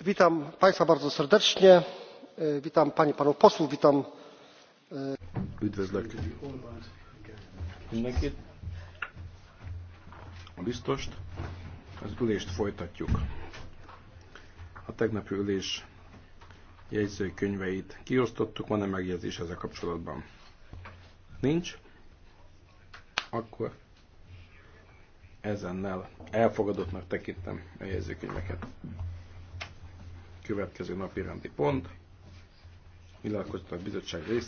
Witam Państwa bardzo serdecznie. Witam panie i Panów posłów. Witam. E, Üdvözlök. Mindenkit. A biztost. Az ülést folytatjuk. A tegnapi ülés jegyzőkönyveit kiosztottuk, van-e megjegyzés ezzel kapcsolatban? Nincs? Akkor ezennel elfogadottnak tekintem a jegyzőkönyveket. Következő napi rendi pont, nyilatkoztat a bizottság rész.